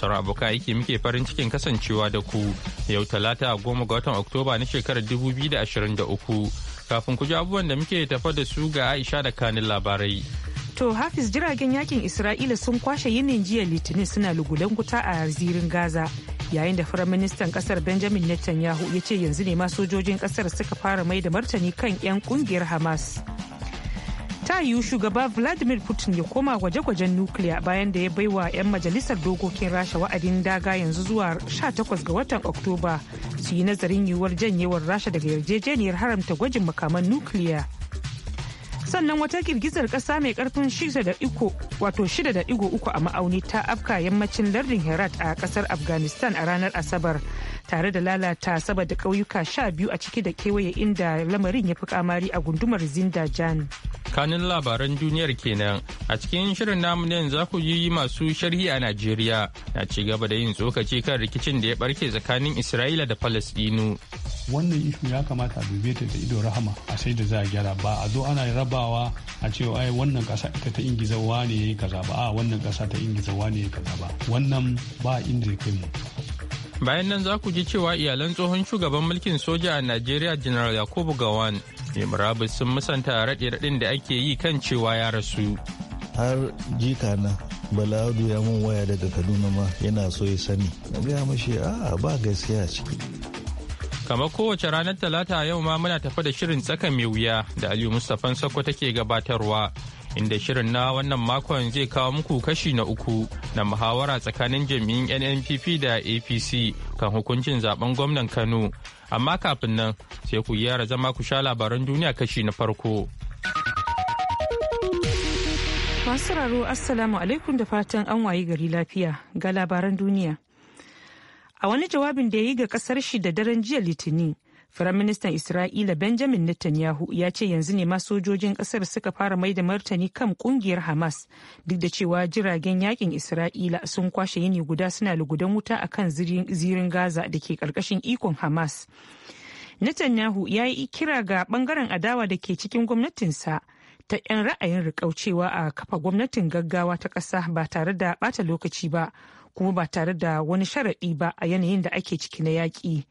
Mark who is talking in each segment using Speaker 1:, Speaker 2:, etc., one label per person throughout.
Speaker 1: sauran abokan aiki muke farin cikin kasancewa da ku yau talata goma ga watan oktoba na shekarar dubu biyu da da uku kafin ku ji abubuwan da muke tafa da su ga aisha da kanin labarai
Speaker 2: to hafiz jiragen yakin isra'ila sun kwashe yinin jiya litinin suna lugulen wuta a zirin gaza yayin da ministan kasar benjamin netanyahu ya ce yanzu ne ma sojojin kasar suka fara mai da martani kan 'yan kungiyar hamas ta yiwu shugaba vladimir putin ya koma gwaje-gwajen nukiliya bayan da ya baiwa 'yan majalisar dokokin rasha wa'adin daga yanzu zuwa 18 ga watan oktoba su yi nazarin yiwuwar janyewar rasha daga yarjejeniyar haramta gwajin makaman nukiliya sannan wata girgizar kasa mai karfin 6.3 a ma'auni ta afka yammacin lardin herat a kasar afghanistan a ranar asabar tare da lalata saba da ƙauyuka 12 a ciki da kewaye inda lamarin ya fi kamari a gundumar zindajan.
Speaker 1: kanin labaran duniyar kenan a cikin shirin namu ne za ku yi masu sharhi a najeriya na ci gaba da yin tsokaci kan rikicin da ya barke tsakanin isra'ila da palestinu
Speaker 3: wannan ishu ya kamata a dube ta da ido rahama a sai da za a gyara ba a zo ana rabawa a cewa ai wannan kasa ita ta ingizawa ne yayi kaza ba a wannan kasa ta ingizawa ne yayi kaza ba wannan ba inda ya kai mu
Speaker 1: bayan nan za ku ji cewa iyalan tsohon shugaban mulkin soja a najeriya general yakubu gawan mai murabus sun musanta raɗe-raɗin da ake yi kan cewa ya rasu
Speaker 4: har jika na bala'adu ya mun waya daga kaduna ma yana so ya sani na gaya mashi a ba gaskiya ciki
Speaker 1: kamar kowace ranar talata yau ma muna tafa da shirin tsaka mai wuya da aliyu mustapha sakko take gabatarwa inda shirin na wannan makon zai kawo muku kashi na uku na muhawara tsakanin jami'in nnpp da apc kan hukuncin zaben gwamnan Kano. Amma kafin nan sai ku yara zama ku sha labaran duniya kashi na farko.
Speaker 2: Masu raro Assalamu alaikum da fatan an wayi gari lafiya ga labaran duniya. A wani jawabin da ya yi ga kasar shi da daren jiya Litinin. Firaministan Isra'ila Benjamin Netanyahu ya ce yanzu ne ma sojojin kasar suka fara mai da martani kan kungiyar Hamas duk da cewa jiragen yakin Isra'ila sun kwashe yini guda suna lugudan wuta a kan zirin Gaza da ke karkashin ikon Hamas. Netanyahu ya yi kira ga ɓangaren adawa da ke cikin gwamnatinsa ta 'yan ra'ayin rikaucewa a kafa gwamnatin gaggawa ta ƙasa ba tare da ɓata lokaci ba kuma ba tare da wani sharaɗi ba a yanayin da ake ciki na yaƙi.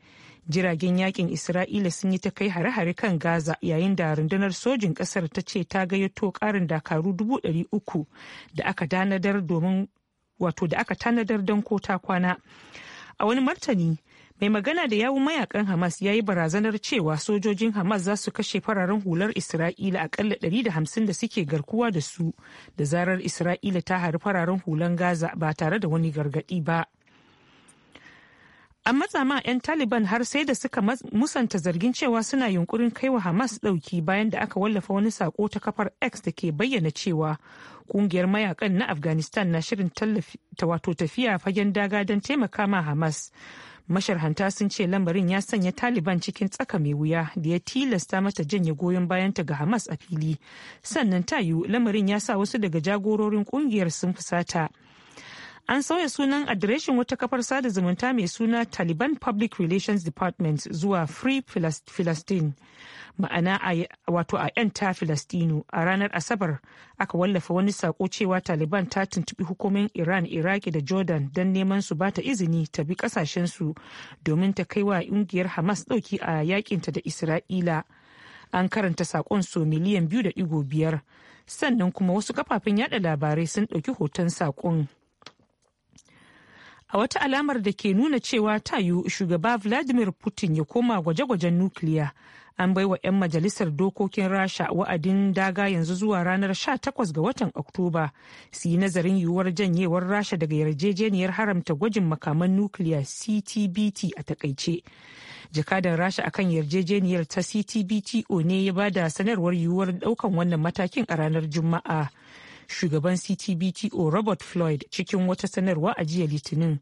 Speaker 2: jiragen yakin isra'ila sun yi ta kai hare-hare kan gaza yayin da rundunar sojin kasar ta ce ta gayyato karin dakaru dubu uku da aka tanadar domin wato da aka tanadar don ko ta kwana a wani martani mai magana da yawun mayakan hamas ya yi barazanar cewa sojojin hamas za su kashe fararen hular isra'ila akalla 150 da suke garkuwa da su da zarar isra'ila ta hari fararen hulan gaza ba tare da wani gargadi ba an matsa ma 'yan taliban har sai da suka musanta zargin cewa suna yunkurin kai wa hamas ɗauki bayan da aka wallafa wani sako ta kafar x da ke bayyana cewa kungiyar mayakan na afghanistan na shirin wato tafiya fagen daga don taimaka ma hamas masharhanta sun ce lamarin ya sanya taliban cikin tsaka mai wuya da ya tilasta mata janye goyon bayanta ga hamas a fili sannan ta tayu lamarin ya sa wasu daga jagororin kungiyar sun fusata. an sauya sunan adireshin wata kafar sada zumunta mai suna taliban public relations department zuwa free philistine ma'ana wato a 'yanta filistino a ranar asabar aka wallafa wani sako cewa taliban ta tuntubi hukumin iran iraki da jordan don neman su bata izini ta bi kasashensu domin ta kai wa ƙungiyar hamas ɗauki a yakinta da isra'ila an karanta sakon so miliyan biyu da digo biyar sannan kuma wasu kafafen yada labarai sun ɗauki hoton saƙon. a wata alamar da ke nuna cewa ta yiwu shugaba vladimir putin ya koma gwaje-gwajen nukiliya an baiwa 'yan majalisar dokokin rasha wa'adin daga yanzu zuwa ranar 18 ga watan oktoba su yi nazarin yiwuwar janyewar rasha daga yarjejeniyar haramta gwajin makaman nukiliya ctbt a takaice jakadan rasha akan yarjejeniyar ta ctbto ne ya bada sanarwar yiwuwar daukan wannan matakin a ranar juma'a shugaban ctbto robert floyd cikin wata sanarwa a jiya litinin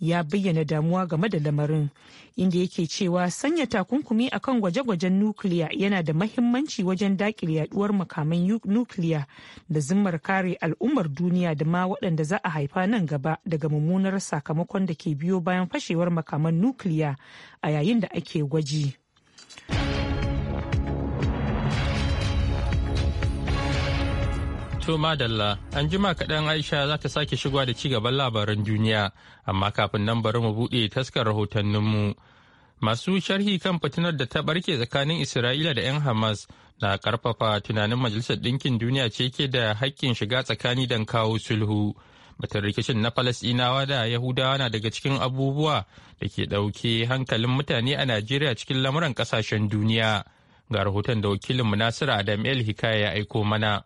Speaker 2: ya bayyana damuwa game da lamarin inda yake cewa sanya takunkumi akan gwaje-gwajen nukiliya yana da mahimmanci wajen dakile yaduwar makaman nukiliya da zimmar kare al'ummar duniya da ma waɗanda za a haifa nan gaba daga mummunar sakamakon da ke biyo bayan fashewar makaman nukiliya a yayin da ake gwaji.
Speaker 1: To Madalla, an jima kaɗan Aisha za ta sake shigowa da cigaban labaran duniya, amma kafin nan bari mu buɗe taskar rahotanninmu. Masu sharhi kan fitinar da ta ɓarke tsakanin Isra'ila da 'yan Hamas na ƙarfafa tunanin Majalisar Ɗinkin Duniya ce ke da haƙƙin shiga tsakani don kawo sulhu. Batun rikicin na Falasɗinawa da Yahudawa na daga cikin abubuwa da ke ɗauke hankalin mutane a Najeriya cikin lamuran ƙasashen duniya. Ga rahoton da wakilin munasir Adam El Hikaya ya aiko mana.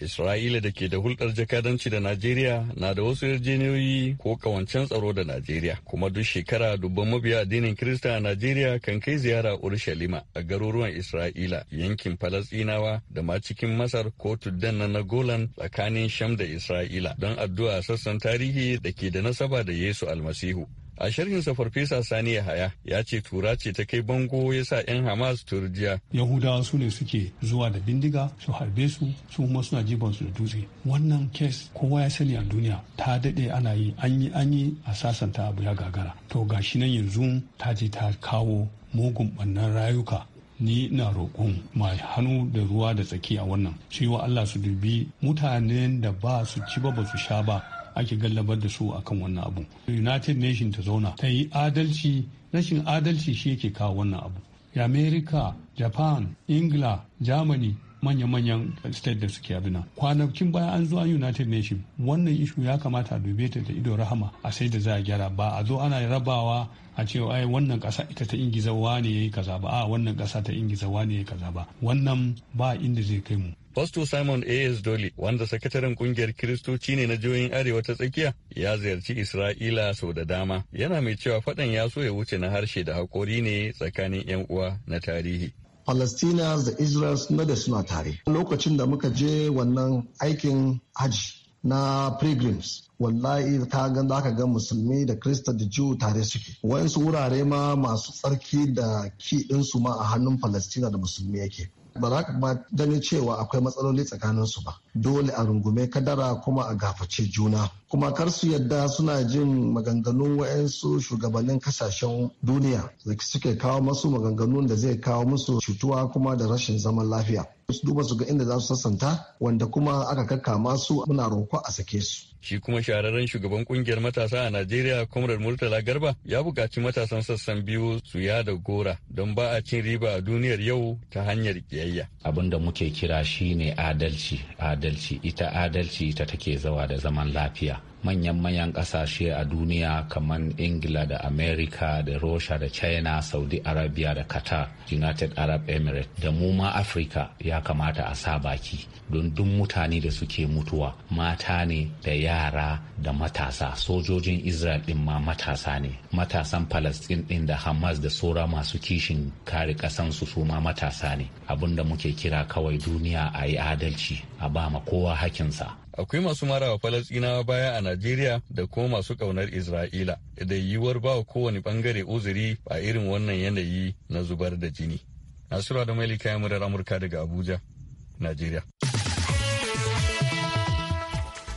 Speaker 5: Isra'ila da ke da hulɗar jakadanci da Najeriya na da wasu yarjejeniyoyi ko kawancen tsaro da Najeriya, kuma duk shekara dubban mabiya addinin Kirista a Najeriya kan kai ziyara Urushalima a garuruwan Isra'ila, yankin Falasɗinawa da ma cikin Masar ko tuddan na Golan tsakanin Sham da Isra'ila don addu'a sassan tarihi da ke da nasaba da Yesu Almasihu. A shirinsa Farfesa Sani ya haya ya ce tura ce ta kai bango ya sa 'yan Hamas turjiya.
Speaker 3: Yahudawa su ne suke zuwa da bindiga su harbe su su kuma suna jiban su da dutse. Wannan kes kowa ya sani a duniya ta daɗe ana yi an yi an yi a sasanta abu ya gagara. To gashi nan yanzu ta je ta kawo mugun bannan rayuka ni na roƙon mai hannu da ruwa da tsaki a wannan cewa Allah su dubi mutanen da ba su ci ba ba su sha ba ake gallabar da su akan wannan abu united nation ta zauna ta yi adalci rashin adalci shi yake kawo wannan abu america japan ingila germany manya-manyan state da suke abina kwanakin baya an zo an united nation wannan ishu ya kamata a dube ta da ido rahama a sai da za a gyara ba a zo ana rabawa a cewa ai wannan kasa ita ta ingizawa ne yayi kaza ba a wannan kasa ta ingizawa ne yayi kaza ba wannan ba inda zai kai mu
Speaker 5: Pasto Simon A.S. Dolly, wanda sakataren kungiyar Kiristoci ne na jihohin Arewa ta tsakiya, ya ziyarci Isra'ila sau da dama. Yana mai cewa faɗan ya so ya wuce na harshe da haƙori ne tsakanin 'yan uwa na tarihi.
Speaker 6: Palestinians da Israel na da suna tare. Lokacin da muka je wannan aikin hajji na pilgrims wallahi ta gan da aka ga musulmi da krista da jew tare suke wayansu wurare ma masu tsarki da ki ɗinsu ma a hannun palestina da musulmi yake ba za ka gani cewa akwai matsaloli tsakanin su ba dole a rungume kadara kuma a gaface juna kuma kar su yadda suna jin maganganun wa'yansu shugabannin kasashen duniya da suke kawo masu maganganun da zai kawo musu cutuwa kuma da rashin zaman lafiya su duba su ga inda za su sassanta wanda kuma aka kakka masu muna roko a sake su
Speaker 5: Shi kuma shahararren shugaban kungiyar matasa a Najeriya Comrade Murtala Garba ya buƙaci matasan sassan biyu su da gora don ba a cin riba a duniyar yau ta hanyar
Speaker 7: kiyayya. Abin da muke kira shine adalci, adalci, ita adalci ita take zawa da zaman lafiya. manyan manyan kasashe a duniya kamar ingila da amerika da russia da china saudi arabia da qatar united arab emirates da mu ma afirka ya kamata a sa baki don duk mutane da suke mutuwa mata ne da ya yara da matasa sojojin israel din ma matasa ne matasan palestin din da hamas da sora masu kishin kare kasansu su ma matasa ne abinda muke kira kawai duniya a yi adalci a ba ma kowa hakinsa
Speaker 5: akwai masu mara wa falastinawa baya a najeriya da kuma masu kaunar isra'ila da yiwuwar ba kowane bangare uzuri a irin wannan yanayi na zubar da jini nasiru da mai kayan murar amurka daga abuja
Speaker 1: najeriya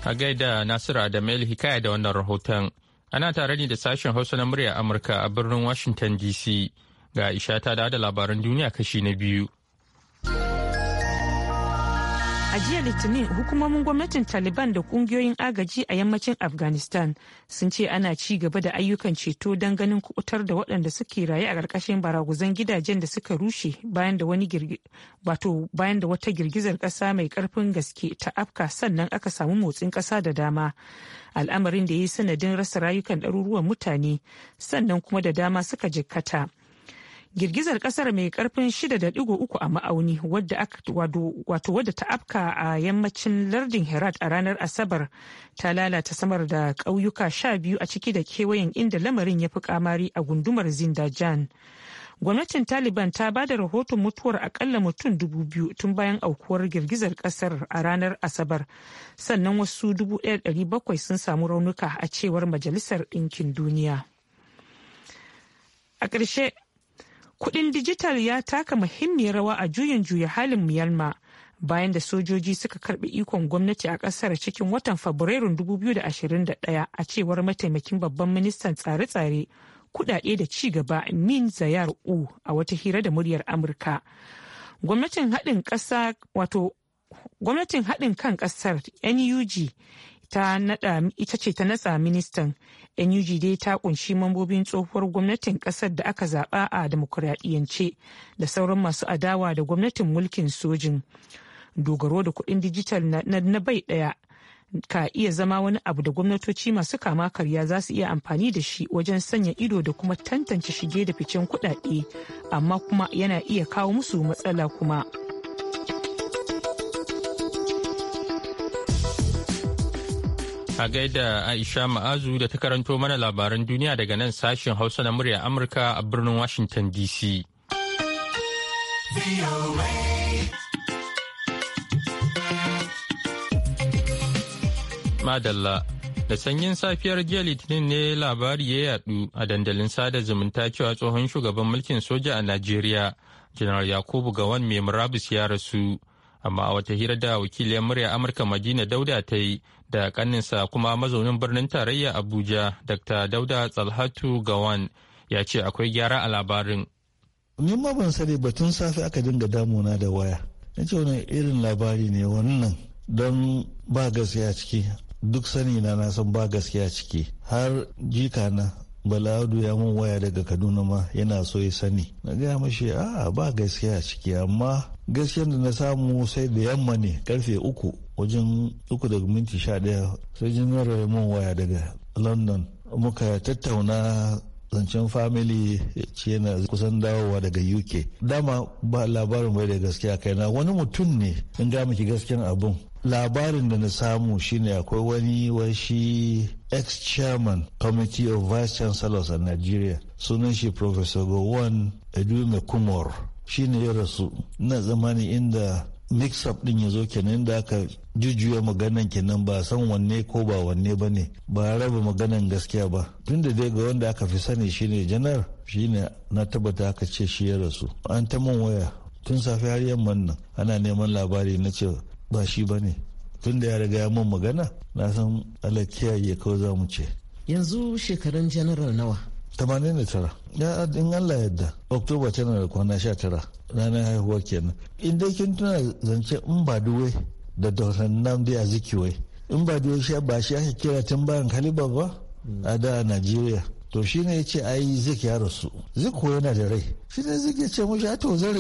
Speaker 1: A gaida Nasiru Adamel Hikaya da wannan rahoton. Ana tare ne da sashen Hausa na murya Amurka a birnin Washington DC. Ga Ishata da da labaran duniya kashi na biyu.
Speaker 2: A jiya Litinin hukumomin gwamnatin Taliban da kungiyoyin agaji a yammacin Afghanistan sun ce ana ci gaba da ayyukan ceto don ganin kubutar da waɗanda suke raye a ƙarƙashin baraguzan gidajen da suka rushe wato bayan da wata girgizar ƙasa mai ƙarfin gaske ta afka sannan aka samu motsin ƙasa da dama. Al'amarin da ya yi sanadin rasa rayukan ɗaruruwan mutane sannan kuma da dama suka jikkata. girgizar kasar mai karfin 6.3 a ma'auni wato wadda ta afka a yammacin lardin herat a ranar asabar ta lalata samar da ƙauyuka 12 a ciki da kewayen inda lamarin ya fi kamari a gundumar zindajan gwamnatin taliban ta ba da rahoton mutuwar akalla mutum dubu tun bayan aukuwar girgizar kasar a ranar asabar sannan wasu 1,700 sun samu raunuka a cewar majalisar ɗinkin duniya a ƙarshe Kudin dijital ya taka muhimmiyar rawa a juyin juya halin Myanmar bayan da sojoji suka karbi ikon gwamnati a kasar cikin watan Fabrairun 2021 a cewar mataimakin babban ministan tsare-tsare kudade da ci gaba Min Zayar U a wata hira da muryar Amurka. Gwamnatin haɗin ƙasa wato gwamnatin haɗin kan ƙasar NUG ta nada ita ce ta natsa ministan nuj dai ta kunshi mambobin tsohuwar gwamnatin kasar da aka zaba a demokuraɗiyance da sauran masu adawa da gwamnatin mulkin sojin dogaro da kuɗin dijital na bai ɗaya ka iya zama wani abu da gwamnatoci masu kama karya za su iya amfani da shi wajen sanya ido da kuma tantance shige da ficen kuɗaɗe amma kuma yana iya kawo musu matsala kuma.
Speaker 1: A gaida Aisha Ma'azu da ta karanto mana labaran duniya daga nan sashen Hausa na murya Amurka a birnin Washington DC. Madalla Da sanyin safiyar jiya litinin ne labari ya yadu a dandalin sada zumunta cewa tsohon shugaban mulkin soja a Najeriya, Janar Yakubu Gawan mai murabus ya rasu. amma a wata hira da wakiliyar murya amurka madina dauda ta yi da kaninsa kuma mazaunin birnin tarayya abuja dr dauda tsalhatu gawan ya ce akwai gyara a labarin
Speaker 4: ni ma ban sani ba tun safe aka dinga damuna da waya na ce wani irin labari ne wannan don ba gaskiya ciki duk sani na na san ba gaskiya ciki har jika na baladu ya mun waya daga kaduna ma yana so ya sani na gaya mashi a ba gaskiya ciki amma gaskiyar da na samu sai da yamma ne karfe uku wajen uku daga minti sha ɗaya sai jimiyar raymond waya daga london muka tattauna zancen family ce yana kusan dawowa daga uk dama ba labarin bai da gaskiya na wani mutum ne in ga miki gaskiyan abun labarin da na samu shine akwai wani washi ex-chairman committee of vice chancellors a nigeria sunan shi professor gowon edwin kumor shine ya rasu na zamani inda mix up din ya zo kenan da aka jujjuya maganan kenan ba san wanne ko ba wanne ba ne ba raba maganan gaskiya ba tunda dai ga wanda aka fi sani shine janar shine na tabbata aka ce shi ya rasu an ta man waya tun safe har yamma nan ana neman labari na ce ba shi ba ne tun ya riga ya mun magana na san alakiya ya kawai za mu ce yanzu shekarun janaral nawa 89 ya in Allah yadda oktoba tana da kwana 19 ranar haihuwa kenan in dai kin tuna zance in ba duwe da nan namdi zikiwai in ba duwe sha ba shi aka kira tun bayan kaliba ba a da a najeriya to shi ne ya ce ai zik ya rasu zik ko yana da rai shi ne zik ya ce mushi to za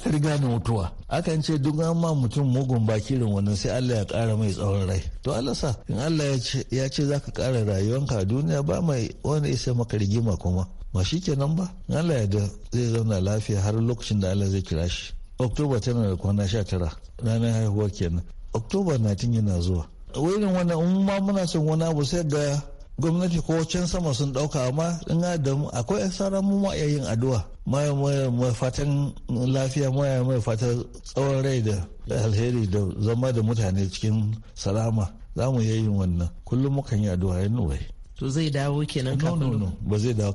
Speaker 4: ka riga ni mutuwa akan ce duk an ma mutum mugun bakirin wannan sai Allah ya kara mai tsawon rai to Allah sa in Allah ya ce za ka kara rayuwanka a duniya ba mai wani isa maka rigima kuma ba shi kenan ba in Allah ya da zai zauna lafiya har lokacin da Allah zai kira shi oktoba tana da kwana sha tara ranar haihuwa kenan oktoba 19 yana zuwa wurin wannan umma muna son wani abu sai ga gwamnati ko can sama sun dauka amma in da akwai sauran mu ma yayin addu'a maya mai fatan lafiya maya mai fatan tsawon rai da alheri da zama da mutane cikin salama za mu yayin yin wannan kullum mukan yi addu'a yin wai to zai dawo kenan kafin no no no ba zai dawo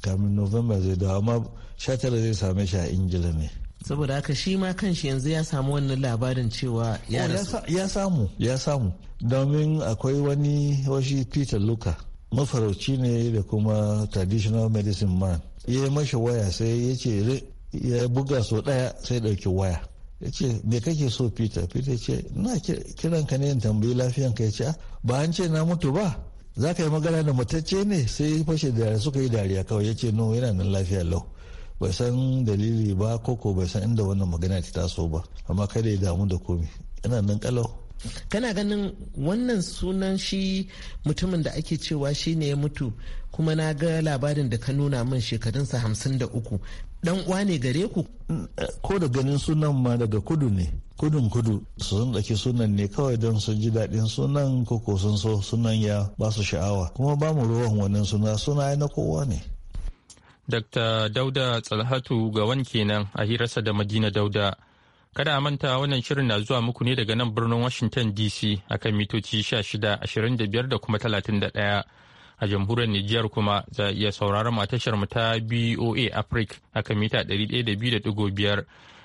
Speaker 4: kamin november zai dawo amma sha zai same shi a ingila ne
Speaker 7: saboda haka shi ma kan shi yanzu ya samu wannan labarin cewa oh,
Speaker 4: ya samu ya samu domin akwai wani washi peter luka mafarauci ne da kuma traditional medicine man ya yi mashi waya sai ya ce ya buga so daya sai dauki waya ya ce me kake so peter peter ce na kiran ka ne tambayi lafiyan ka ya ce ah, ba an ce na mutu ba za ka yi magana da matacce ne sai fashe da suka yi dariya kawai ya ce no yana nan lafiya lau bai san dalili ba koko ko bai san inda wannan magana ta taso ba amma kada ya damu da komi
Speaker 7: yana nan kalau kana ganin wannan sunan shi mutumin da ake cewa shi ne ya mutu kuma na ga labarin da ka nuna min shekarunsa hamsin da uku dan uwa ne gare ku ko da ganin sunan ma daga kudu ne kudun kudu
Speaker 4: sun ɗauki sunan ne kawai don sun ji daɗin sunan ko ko sun so sunan ya ba su sha'awa kuma ba mu ruwan wannan suna suna na kowa ne
Speaker 1: Dr. Dauda Tsalhatu ga wanke nan a hirarsa da Madina Dauda. Kada a manta wannan shirin na zuwa muku ne daga nan birnin Washington DC akan mitoci 16, 25 da kuma 31. a jamhuriyar nijiyar kuma za a iya sauraron tashar mu ta BOA Africa a kan mita 102.5.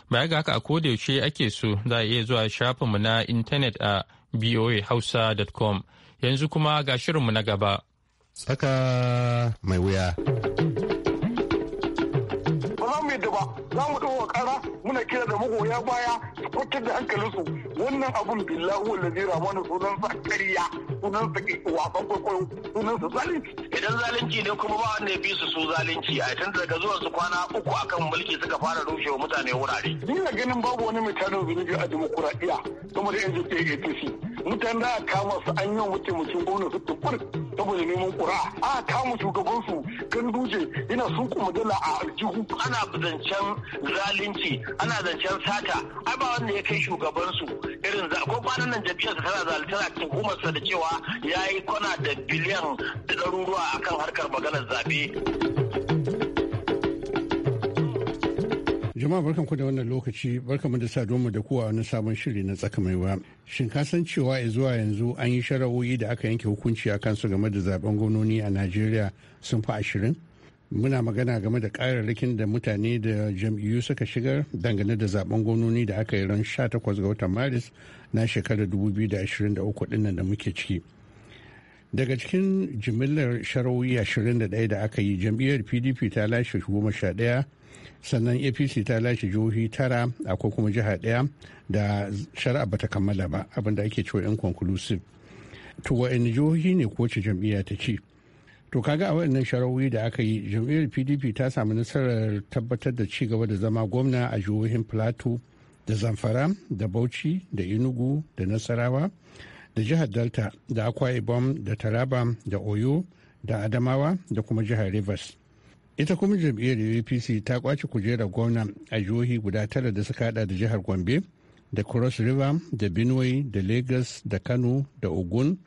Speaker 1: Baya ga haka a yaushe ake so za a iya zuwa shafinmu na intanet a boahausa.com. Yanzu kuma ga shirinmu na gaba.
Speaker 8: Tsaka mai wuya.
Speaker 6: 拦不住我开的。muna kira da magoya baya su kwatar da hankalinsu wannan abun billahi rama ne sunan sa ƙarya sunan sa wasan kwaikwayo sunan sa zalunci idan zalunci ne kuma ba wanda ya bi su su zalunci a tun daga zuwa su kwana uku akan mulki suka fara rushewa mutane wurare ni na ganin babu wani mai tarin zunubi a demokuraɗiyya kuma da yanzu yi APC mutane da kama su an yi mutum gwamna su tukur saboda neman ƙura a kama shugabansu duje yana sun kuma dala a aljihu ana zancen zalunci ana zancen sata ai ba wanda ya kai shugabansu irin za ko kwanan nan jam'iyyar tana zalitana a sa da cewa ya yi kwana da biliyan da
Speaker 8: ɗaruruwa akan harkar maganar zabe jama'a barkan ku da wannan lokaci barkan mu da mu da kuwa wani sabon shiri na tsaka mai wa shin ka san cewa ya zuwa yanzu an yi shara'o'i da aka yanke hukunci a kansu game da zaben gononi a najeriya sun fi ashirin muna magana game da ƙararrakin da mutane da jam'iyyu suka shigar dangane da zaben gwamnoni da aka yi ran 18 ga watan maris na shekarar 2023 dinnan da muke ciki daga cikin jimillar sharawi 21 da aka yi jam'iyyar pdp ta lashe 11 sannan apc ta lashe jihohi tara akwai kuma jiha ɗaya da shari'a bata kammala ba abinda ake cewa yan conclusive to wa'in jihohi ne ko ce jam'iyya ta ci to kaga a waɗannan sharawi da aka yi jam'iyyar pdp ta samu nasarar tabbatar da ci gaba da zama gwamna a jihohin plateau da zamfara da bauchi da Inugu da nasarawa da jihar delta da akwa ibom da taraba da oyo da adamawa da kuma jihar rivers ita kuma jam'iyyar apc ta kwace kujerar gwamna a jihohi guda tara da suka hada da jihar gombe da cross river da benue da lagos da kano da ogun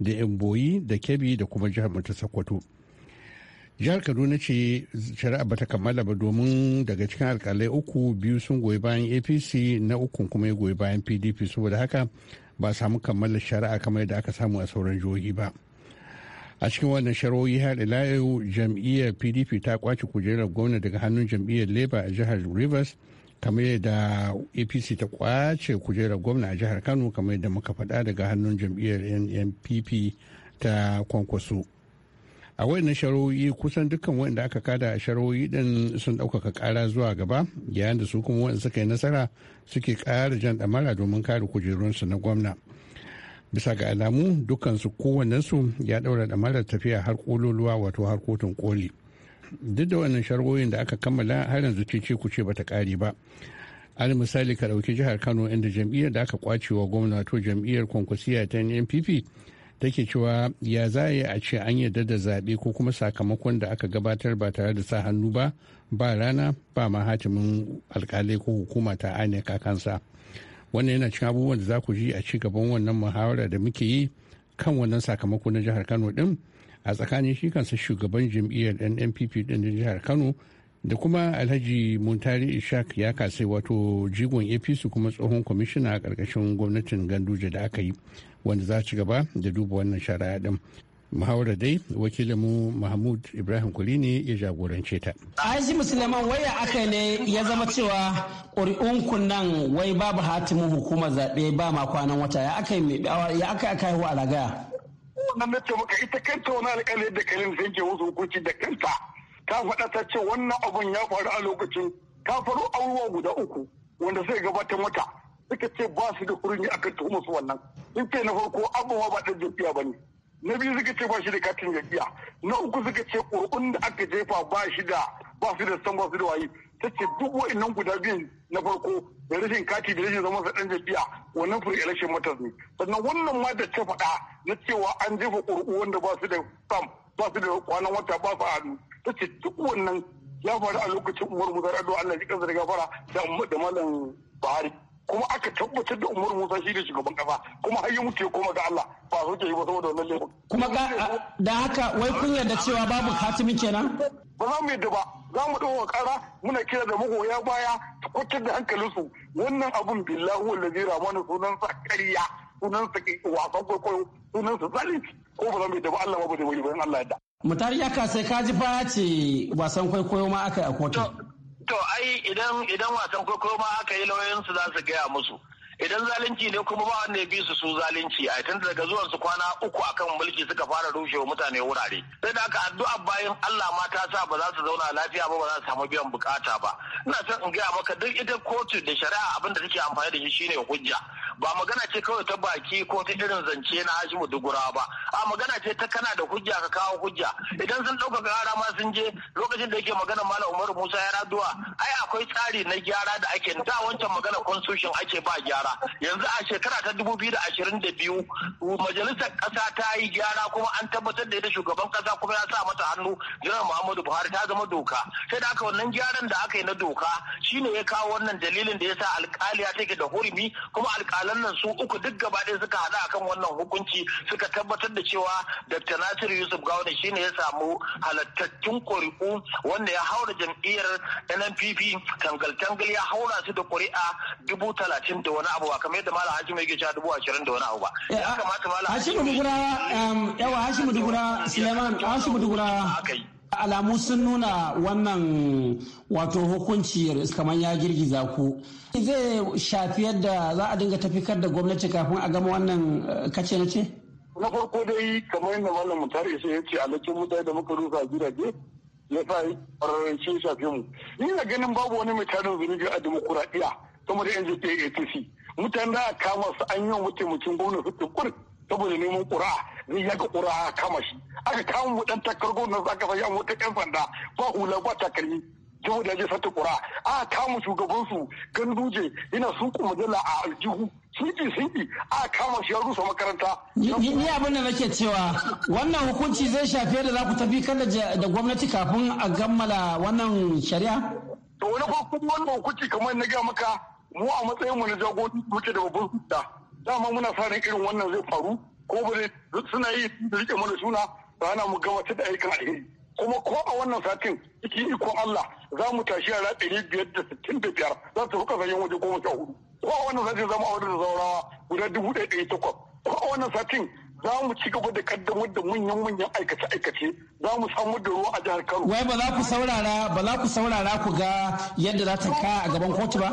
Speaker 8: da Emboyi da Kebbi da kuma jihar ta Sokoto. Jihar Kaduna ce shari'a bata kammala ba domin daga cikin alkalai uku biyu sun goyi bayan APC na uku kuma ya goyi bayan PDP saboda haka ba samu kammala shari'a kamar yadda aka samu a sauran jihohi ba. a cikin wannan sharoyi har ila yau jam'iyyar pdp ta kwace kujerar gwamna daga hannun jam'iyyar labour a jihar rivers kamar yadda apc ta kwace kujerar gwamna a jihar kano kamar yadda muka faɗa daga hannun jam'iyyar nnpp ta kwankwaso a wayannan shari'o'i kusan dukkan wayanda aka kada a shari'o'i din sun ɗaukaka ƙara zuwa gaba yayin da su kuma wayanda suka yi nasara suke ƙara jan ɗamara domin kare kujerunsu na gwamna bisa ga alamu dukkansu kowannensu ya ɗaura ɗamarar tafiya har ƙololuwa wato har kotun koli duk da wannan shargoyin da aka kammala har yanzu ce ku ce bata kare ba al misali ka ɗauki jihar kano inda jam'iyyar da aka kwace wa gwamna to jam'iyyar kwankwasiya ta npp take cewa ya za a ce an yarda da zaɓe ko kuma sakamakon da aka gabatar ba tare da sa hannu ba ba rana ba ma hatimin alkalai ko hukuma ta aneka kakansa wannan yana cikin abubuwan da za ku ji a ci gaban wannan muhawara da muke yi kan wannan sakamako na jihar kano din a tsakanin shi kansa shugaban jam'iyyar nnpp din jihar kano da kuma alhaji muntari ishak ya kasai wato jigon apc kuma tsohon kwamishina a ƙarƙashin gwamnatin ganduje da aka yi wanda za ci gaba da duba wannan shari'a din Mahaura dai wakilinmu mahmud ibrahim kuli ne ya jagorance ta
Speaker 7: aishi musulman waya aka ne ya zama cewa ƙuri'un nan wai babu hatimin hukumar zaɓe ba ma kwanan wata ya aka yi ya aka haihu a ragaya wannan na ce maka ita kanta
Speaker 6: wani alƙali da kalin sai ke wasu hukunci da kanta ta faɗa ta ce wannan abun ya faru a lokacin ta faru abubuwa guda uku wanda sai gabatar mata suka ce ba su da hurumi kan tuhumar su wannan in ce na farko abubuwa ba ɗan jafiya ba ne na biyu suka ce ba shi da katin jafiya na uku suka ce ƙuri'un da aka jefa ba shi da ba su da san ba su da waye ta ce duk wa'annan guda biyun na farko da rashin kati da rashin zaman ɗan jabiya wannan free election matters ne sannan wannan ma da ta faɗa na cewa an jefa ƙuri'u wanda ba su da sam ba su da kwanan wata ba su hannu ta ce duk wannan ya faru a lokacin umar musa ado allah ji kansa da gafara da malam buhari kuma aka tabbatar da umar musa shi da shugaban kasa kuma har yi mutu koma ga allah ba su ke yi ba saboda wannan laifin. kuma da
Speaker 7: haka wai kun yarda cewa babu hatimi kenan.
Speaker 6: ba za mu yadda ba za mu ɗaukar ƙara muna kira da magoya baya ta kwatar da hankalinsu wannan abun billahi wallazi ramanu sunansa ƙarya sunansa wasan kwaikwayo sunan sa zalunci ko ba zan bai da ba Allah ba da wani bayan Allah yadda.
Speaker 7: Mutari ya ka sai kaji ba ce wasan kwaikwayo ma aka yi a kotu.
Speaker 6: To ai idan wasan kwaikwayo ma aka yi lauyansu za su gaya musu. idan zalunci ne kuma ba wanda ya bi su su zalunci a tun daga zuwan su kwana uku akan mulki suka fara rushe mutane wurare sai da aka addu'a bayan Allah ma ta sa ba za su zauna lafiya ba ba za su samu biyan bukata ba ina son in gaya maka duk ita kotu da shari'a abin da take amfani da shi shine hujja ba magana ce kawai ta baki ko ta irin zance na Hashimu Dugura ba a magana ce ta kana da hujja ka kawo hujja idan sun ɗaukaka gara ma sun je lokacin da yake magana Malam Umaru Musa ya raduwa ai akwai tsari na gyara da ake da wancan magana constitution ake ba gyara yanzu a shekara ta biyu majalisar ƙasa ta yi gyara kuma an tabbatar da ita shugaban ƙasa kuma ya sa mata hannu jiran Muhammadu Buhari ta zama doka sai da aka wannan gyaran da aka yi na doka shine ya kawo wannan dalilin da ya sa alƙaliya take da hurumi kuma alkali alƙalan nan su uku duk gaba ɗaya suka haɗu kan wannan hukunci suka tabbatar da cewa Dr. Nasiru Yusuf Gawuna shine ya samu halattattun ƙuri'u wanda ya haura jam'iyyar NNPP tangal-tangal ya haura su da ƙuri'a dubu talatin da wani abu ba kamar yadda Malam Hashimu yake cewa dubu ashirin da wani abu ba. Ya
Speaker 7: kamata Malam Hashimu Dugura, um, yawa hashim Dugura, Suleiman hashim Dugura. alamu sun nuna wannan wato hukunci kamar ya girgiza ku zai shafi yadda za a dinga tafikar da gwamnati kafin a gama wannan eh, kace na ce na farko dai kamar yadda wannan mutare sai ya
Speaker 6: ce a alakin mutane da muka rufa gidaje ya sa ƙwararrance shafi mu ni na ganin babu wani mai tarin zunubi a demokuraɗiyya kamar da yanzu mutane mutane a kama su an yi wa mataimakin su tukur saboda neman ƙura'a zai yaga ƙura kama shi aka kama mu ɗan takar na za ka sayi wata ƴan sanda ba hula ba takalmi da ya sata ƙura aka kama shugabansu ganduje yana sun kumajala a aljihu sinki sinki a kama shi ya rusa makaranta. Ni abin da nake cewa wannan hukunci
Speaker 7: zai shafi yadda za ku tafi kan da gwamnati kafin a gammala wannan shari'a? To wani kuma wannan hukunci kamar na gaya maka mu a matsayin mu na jagorori muke da babban hudda.
Speaker 6: Dama muna sa irin wannan zai faru ko ba duk suna yi da rike mana suna rana mu gabatar da aikin alheri kuma ko a wannan satin cikin ikon Allah za mu tashi yara ɗari biyar da sittin da biyar za su fuka zanyen waje goma sha hudu ko a wannan satin za mu auri da zaurawa guda dubu ɗaya ɗari takwas ko a wannan satin za mu ci gaba da kaddamar da manyan-manyan
Speaker 7: aikace-aikace za mu samu da ruwa a jihar Kano. Wai ba za ku saurara ba za ku saurara ku ga yadda za ta kaya a gaban kotu ba?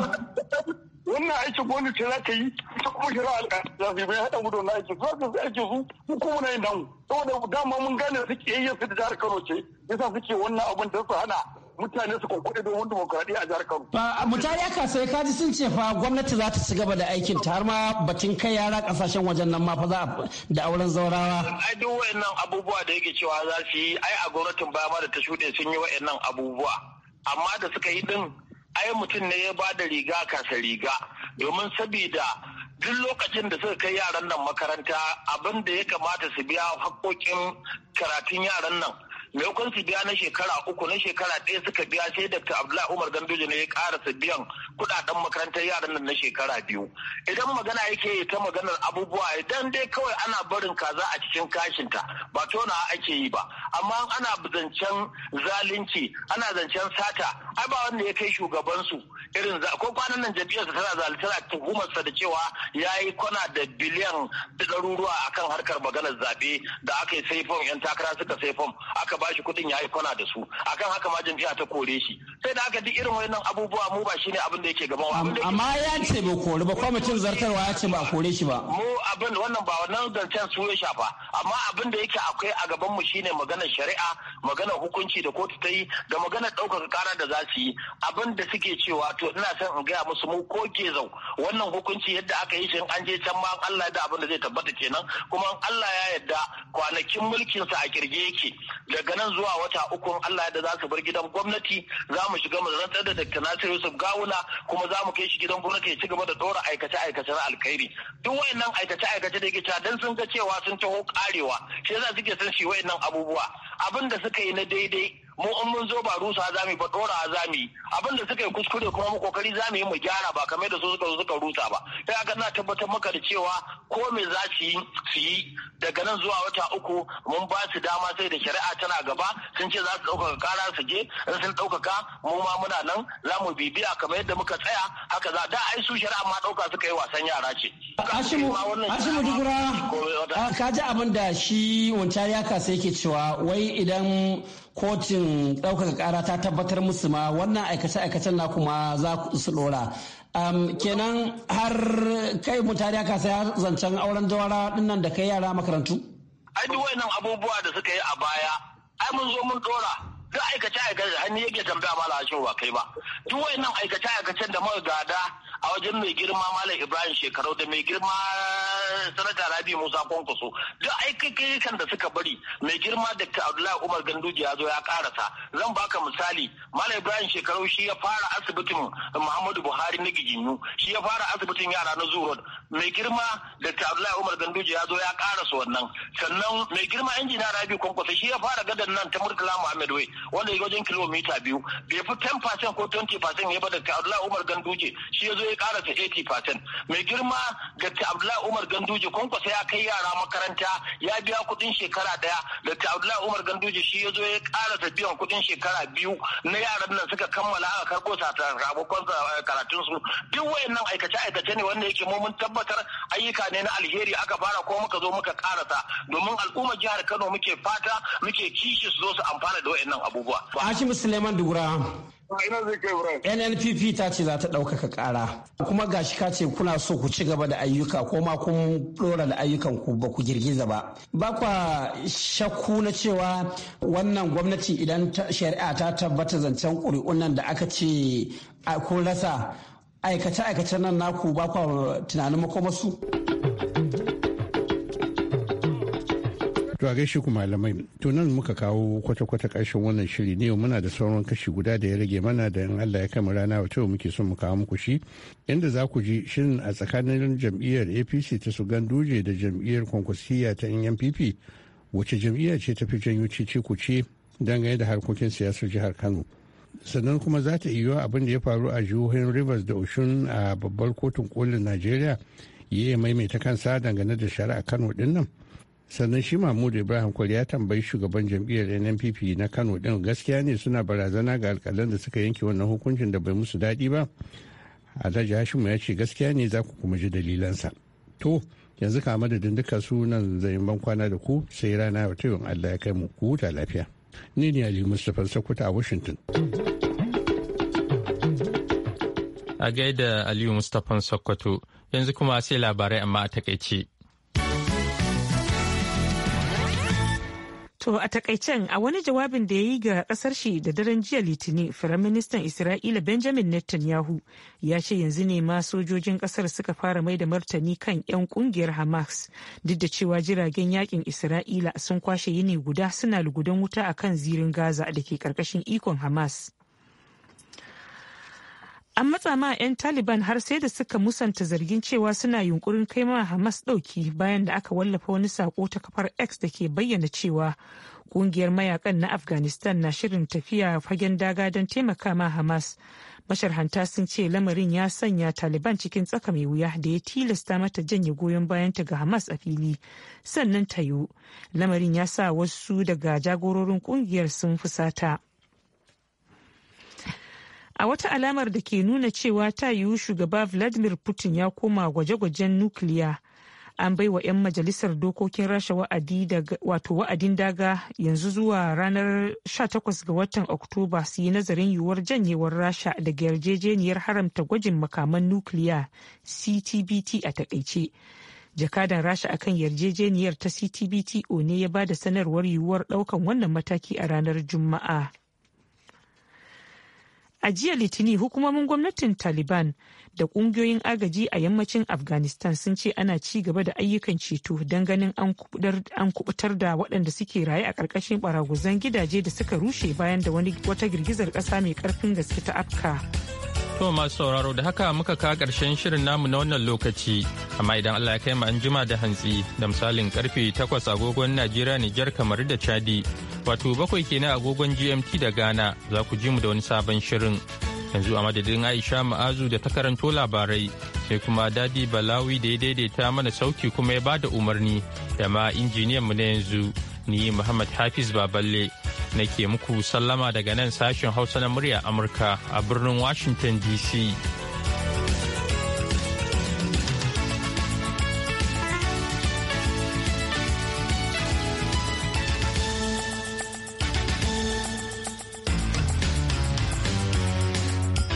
Speaker 7: wannan aikin gwamnati za zaka yi ta kuma shira
Speaker 6: alƙalai za haɗa gudu na aiki za su yi aikin su mu kuma na yin damu saboda dama mun gane su ke yin su da jihar Kano ce yasa suke wannan abin da su hana mutane su kwankwaɗe domin dimokuraɗiyya
Speaker 7: a jihar Kano. Ba mutane aka sayi kaji sun ce fa gwamnati za ta ci gaba da aikin ta har ma batun kai yara kasashen wajen nan ma fa za da auren zaurawa.
Speaker 6: Ai duk wayannan abubuwa da yake cewa za su yi ai a gwamnatin baya ma da ta shuɗe sun yi wayannan abubuwa amma da suka yi din ai mutum ne ya bada riga kasa riga domin sabida duk lokacin da suka kai yaran nan makaranta abin da ya kamata su biya hakokin karatun yaran nan maimakon su biya na shekara uku na shekara ɗaya suka biya sai dr abdullahi umar gandoji ne ya karasa biyan kuɗaɗen makarantar yaran nan na shekara biyu idan magana yake yi ta maganar abubuwa idan dai kawai ana barin kaza a cikin kashinta ba tona ake yi ba amma ana zancen zalunci ana zancen sata ai ba wanda ya kai shugabansu irin za ko kwanan nan jam'iyyarsa tana zalitar sa da cewa ya yi kwana da biliyan ɗaruruwa akan harkar maganar zabe da aka yi sai fom 'yan takara suka sai fom aka bashi kuɗin ya yi kwana da su akan haka ma jam'iyya ta
Speaker 7: kore shi sai da aka duk irin wannan abubuwa mu ba shine abin da yake gaban amma ya ce bai kore ba kwamitin zartarwa ya ce ba kore shi ba mu
Speaker 6: abin wannan ba wannan zancen su ya shafa amma abin da yake akwai a gaban mu shine maganar shari'a maganar hukunci da kotu ta yi da maganar ɗaukar kara da za su yi abin da suke cewa to ina son in gaya musu mu ko ke zau wannan hukunci yadda aka yi shi an je can ma Allah da abin da zai tabbata kenan kuma Allah ya yarda kwanakin mulkin sa a kirge yake daga daga nan zuwa wata uku Allah ya da za su bar gidan gwamnati za mu shiga mu rantsar da Dr. Nasir Yusuf Gawuna kuma za mu kai shi gidan gwamnati ya ci gaba da dora aikace aikace na alkhairi duk wayannan aikace aikace da yake cewa dan sun ga cewa sun taho karewa shi yasa suke son shi wayannan abubuwa abin da suka yi na daidai mu in mun zo ba rusa za mu ba dora za mu abin da suka yi kuskure kuma mu kokari za mu yi mu gyara ba kamar da su suka zo suka rusa ba sai aka na tabbatar maka da cewa ko me za su yi su yi daga nan zuwa wata uku mun ba su dama sai da shari'a tana gaba sun ce za su ɗaukaka kara su je in sun ɗaukaka mu ma muna nan za mu bibiya kamar yadda muka tsaya haka za da ai su shari'a ma ɗauka suka yi wasan yara ce. Ashimu
Speaker 7: Dugura ah, ka ji abin da shi wancan ya kasa yake cewa wai idan kotun ɗaukaka kara ta tabbatar musu ma wannan aikace-aikacen na kuma za su ɗora. kenan har kai mutane ka saya zancen auren dawara dinnan da kai yara makarantu?
Speaker 6: Ai duk wayannan abubuwa da suka yi a baya, ai mun zo mun dora duk aikace aikace da hannu yake tambaya mala asho ba kai ba. Duk wayannan aikace aikacen da muka gada a wajen mai girma malam Ibrahim shekaru da mai girma sanata rabi musa kwankwaso duk aikakan da suka bari mai girma da abdullahi umar ganduji ya zo ya karasa zan baka misali malam ibrahim shekaru shi ya fara asibitin muhammadu buhari na gijinyu shi ya fara asibitin yara na zuwa mai girma da abdullahi umar ganduji ya zo ya karasa wannan sannan mai girma injina rabi kwankwaso shi ya fara gadan nan ta murtala muhammad wai wanda ya wajen kilomita biyu bai fi 10% ko 20% ya bada abdullahi umar ganduji shi ya zo ya karasa 80% mai girma ga abdullahi umar Ganduje kwankwasa ya kai yara makaranta ya biya kuɗin shekara ɗaya Dr. Abdullahi Umar Ganduje shi ya zo ya ƙarasa biyan kuɗin shekara biyu na yaran nan suka kammala aka karɓo sakamakon eh, karatun su duk wayannan aikace aikace ne wanda yake mu mun tabbatar ayyuka ne na alheri aka fara ko muka zo muka karasa domin al'ummar jihar Kano muke fata muke kishi su zo su amfana da wayannan abubuwa.
Speaker 7: Hashim Suleiman
Speaker 6: NNPP
Speaker 7: ta ce za ta ɗaukaka ƙara kuma gashi ka ce kuna so ku ci gaba da ayyuka ko ma kun ɗora da ayyukan ku ba ku girgiza ba. Ba kwa shakku na cewa wannan gwamnati idan shari'a ta tabbata zancen ƙuri'un nan da aka ce kun rasa aikace-aikacen nan naku ba kwa tunanin su.
Speaker 8: To a gaishe ku malamai, to nan muka kawo kwata-kwata ƙarshen wannan shiri ne muna da sauran kashi guda da ya rage mana da in Allah ya kama rana wata muke son mu kawo muku shi inda za ku ji shin a tsakanin jam'iyyar APC ta su ganduje da jam'iyyar kwankwasiya ta NNPP wace jam'iyya ce ta fi janyo cece ku ce dangane da harkokin siyasar jihar Kano. Sannan kuma za ta iya abin da ya faru a jihohin Rivers da Oshun a babbar kotun kolin Najeriya ya maimaita kansa dangane da shari'a Kano din sannan shi mahmud ibrahim kwari ya tambayi shugaban jam'iyyar nnpp na kano din gaskiya ne suna barazana ga alkalan da suka yanke wannan hukuncin da bai musu daɗi ba alhaji hashimu ya ce gaskiya ne za ku kuma ji dalilansa to yanzu ka madadin duka sunan zai ban kwana da ku sai rana yau ta allah ya kai mu ku huta lafiya ni ne ali mustapha sokoto a washington
Speaker 1: a gaida aliyu mustapha sokoto yanzu kuma sai labarai amma a takaice
Speaker 2: To a takaicen a wani jawabin da ya yi ga kasar shi da daren jiya litinin firaministan Isra'ila Benjamin Netanyahu ya ce yanzu ne ma sojojin kasar suka fara mai da martani kan 'yan kungiyar Hamas duk da cewa jiragen yakin Isra'ila sun kwashe yini guda suna lugudan wuta a kan zirin Gaza da ke karkashin ikon Hamas. an matsa ma 'yan taliban har sai da suka musanta zargin cewa suna yunkurin kai ma hamas ɗauki bayan da aka wallafa wani sako ta kafar x da ke bayyana cewa kungiyar mayakan na afghanistan na shirin tafiya fagen daga don taimaka ma hamas masharhanta sun ce lamarin ya sanya taliban cikin tsaka mai wuya da ya tilasta mata janye goyon bayan ta ga hamas a fili sannan tayo lamarin ya sa wasu daga jagororin kungiyar sun fusata a wata alamar da ke nuna cewa ta yiwu shugaba vladimir putin ya koma gwaje-gwajen nukiliya an bai wa 'yan majalisar dokokin rasha wa'adin daga yanzu zuwa ranar 18 ga watan oktoba su yi nazarin yiwuwar janyewar rasha daga yarjejeniyar haramta gwajin makaman nukiliya ctbt a takaice jakadan rasha akan yarjejeniyar ta ctbt one ya ba da sanarwar yiwuwar daukan wannan mataki a ranar juma'a. A jiya Litinin hukumomin gwamnatin Taliban da kungiyoyin agaji a yammacin Afghanistan sun ce ana ci gaba da ayyukan ceto don ganin an kubutar da waɗanda suke raye a ƙarƙashin baraguzan gidaje da suka rushe bayan da wata girgizar ƙasa mai ƙarfin gaske ta afka.
Speaker 1: To masu sauraro da haka muka ka ƙarshen shirin namu na wannan lokaci, amma idan Allah ya kai mu an jima da hantsi da misalin karfe takwas agogon Najeriya Nijar kamar da Chadi, wato bakwai kenan agogon GMT da Ghana za ku ji mu da wani sabon shirin. Yanzu a madadin Aisha Ma'azu da ta karanto labarai, sai kuma Dadi Balawi da ya daidaita mana sauki kuma ya bada umarni, da ma injiniyan mu na yanzu ni Muhammad Hafiz Baballe nake muku sallama daga nan sashen hausa na murya amurka a birnin washington dc